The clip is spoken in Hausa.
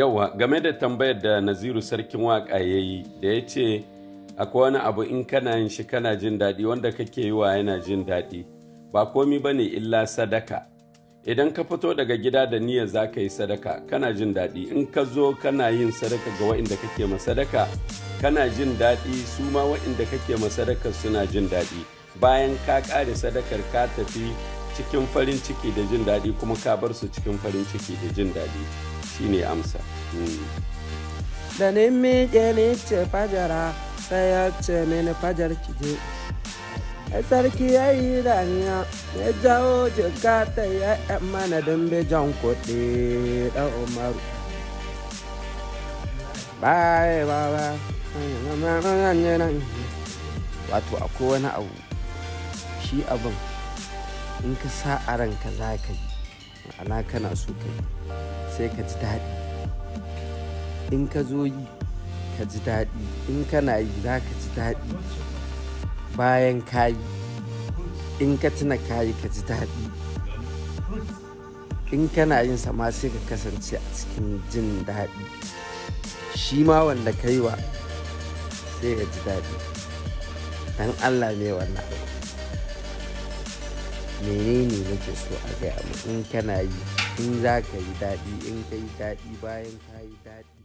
Yauwa game da tambayar da Naziru sarkin waƙa ya yi da ya ce akwai wani abu in kana yin shi kana jin daɗi wanda kake yi wa yana jin daɗi ba komi ba ne illa sadaka idan ka fito daga gida da niyyar za ka yi sadaka kana jin daɗi in ka zo kana yin sadaka ga wa'inda kake ma sadaka kana jin daɗi su ma wa'inda kake ma sadaka suna jin daɗi bayan ka ƙare sadakar ka tafi cikin farin ciki da jin daɗi kuma ka bar su cikin farin ciki da jin daɗi ne amsa hmm. da ni ce fajara sai ya ce mini fajar kije sarki ya yi danya, ya jawo jika ta ya yan mana dambe jan kuɗi da umaru bye baba wato akwai wani abu shi abin in ka sa a ranka za ka yi ma'ana kana so kai sai ka ji daɗi in ka zo yi ka ji daɗi in kana yi za ka ji daɗi bayan ka in ka tuna kayi yi ka ji daɗi in kana yin sama, sai ka kasance a cikin jin daɗi shi ma wanda ka sai ka ji daɗi dan allah ne wannan menene nake so a gaya a in kana yi in za ka yi daɗi in ka yi daɗi bayan ka yi daɗi